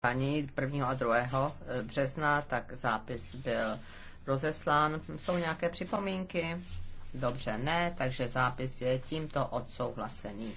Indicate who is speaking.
Speaker 1: Paní 1. a 2. E, března, tak zápis byl rozeslán. Jsou nějaké připomínky? Dobře, ne, takže zápis je tímto
Speaker 2: odsouhlasený.